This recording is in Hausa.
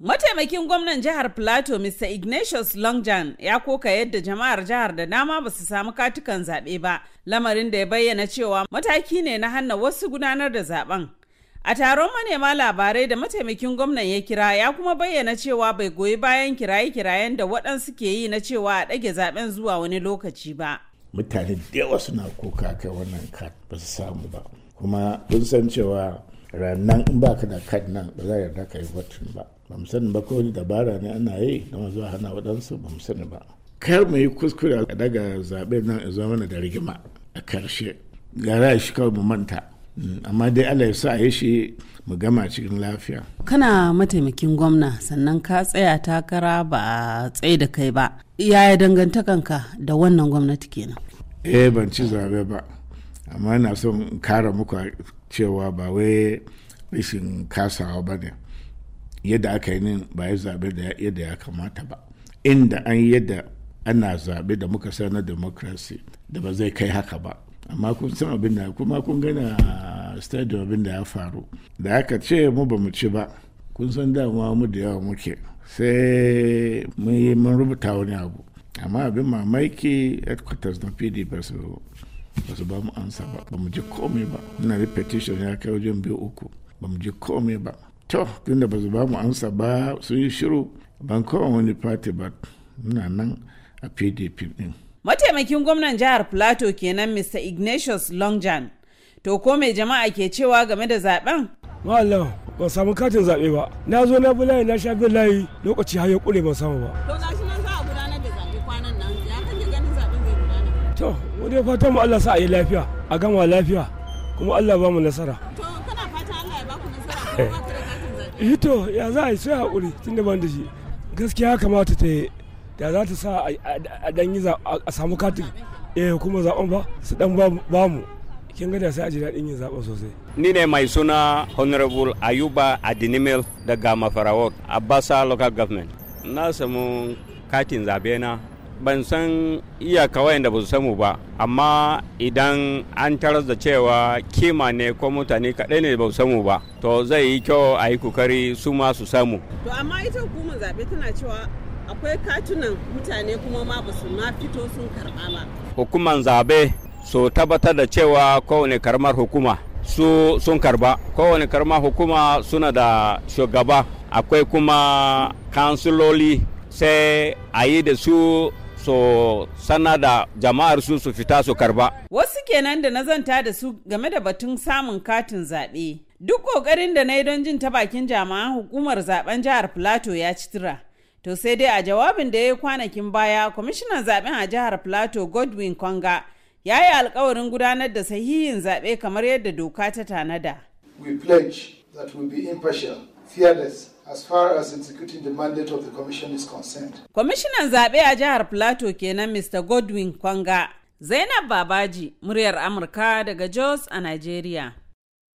Mataimakin gwamnan jihar Plateau Mr. Ignatius Longjan ya koka yadda jama'ar jihar da dama ba su samu katukan zaɓe ba, lamarin da ya bayyana cewa mataki ne na hanna wasu gudanar da zaben. A taron manema labarai da mataimakin gwamnan ya kira ya kuma bayyana cewa bai goyi bayan kiraye-kirayen da waɗansu ke yi na cewa a ɗage zaben zuwa wani lokaci ba. Mutane da yawa suna koka kai wannan kat ba su samu ba. Kuma kun san cewa ranar in baka da kat nan ba za yarda ka yi votin ba. ba mu sani ba ko dabara ne ana yi don zuwa hana waɗansu ba mu sani ba kar mu yi kuskure a daga zaɓe nan ya zama mana da rigima a karshe gara shi kawai mu manta amma dai Allah ya sa a yi shi mu gama cikin lafiya. Kana mataimakin gwamna sannan ka tsaya takara ba a tsaye da kai ba. Yaya dangantakanka da wannan gwamnati kenan? Eh ban ci zaɓe ba. Amma ina son kara muku cewa ba wai rashin kasawa ba ne. yadda aka yi nin ba ya zaɓe da yadda ya kamata ba inda an yadda ana zaɓe da muka sa na democracy da ba zai kai haka ba amma kun san abin da kuma kun gana stadium abin da ya faru da aka ce mu ba mu ci ba kun san damuwa mu da yawa muke sai mun yi mun rubuta wani abu amma abin mamaki headquarters na pd ba su ba mu ansa ba ba mu ji komai ba muna da petition ya kai wajen biyu uku ba mu ji komai ba to tunda ba su ba mu ansa ba sun yi shiru ban kowa wani fati ba muna nan a pdp din mataimakin gwamnan jihar plateau kenan mr ignatius longjan to ko mai jama'a ke cewa game da zaben wallah ban samu katin zaɓe ba na zo na bulayi na sha bin layi lokaci har ya kure ban samu ba to gashi nan za a gudanar da zaɓe kwanan nan ya kan ganin zaɓen zai gudana to mu dai fatan mu Allah sa a yi lafiya a gama lafiya kuma Allah ba mu nasara to kana fata Allah ya ba ku nasara hito eh ya za a yi sai haƙuri tun da ban da shi gaskiya kamata ta yi da za ta sa a dan yi a samu kati eh kuma zaɓen ba su dan ba mu kin ga da sai a ji daɗin yin zaɓen sosai. Ni ne mai suna Honorable Ayuba Adinimel daga a Basa Local Government. Na samu katin zaɓe na ban san iyaka wayanda ba su samu ba amma idan an tarar da cewa kima ne ko mutane kaɗai ne ba su samu ba to zai yi kyau a yi kokari su ma su samu to amma ita hukumar zaɓe tana cewa akwai katunan mutane kuma ma ba su ma fito sun karɓa ba hukumar zaɓe so tabbatar da cewa kowane karmar hukuma su sun karba kowane karmar hukuma suna da shugaba akwai kuma kansiloli sai a yi da su so sana da jama'ar su su fita su karba. Wasu kenan da na zanta da su game da batun samun katin zaɓe. Duk ƙoƙarin da na yi don jin ta bakin jama'an hukumar zaben jihar Filato ya ci tura. To sai dai a jawabin da ya yi kwanakin baya, kwamishinan zaben a jihar Filato Godwin Konga ya yi alkawarin gudanar da sahihin zaɓe kamar yadda doka ta tanada. that will be impartial, fearless, as far as executing the mandate of the commission is concerned. Kwamishinan zaɓe a jihar Plateau kenan Mr. Godwin Kwanga, Zainab Babaji, muryar Amurka daga Jos a Nigeria.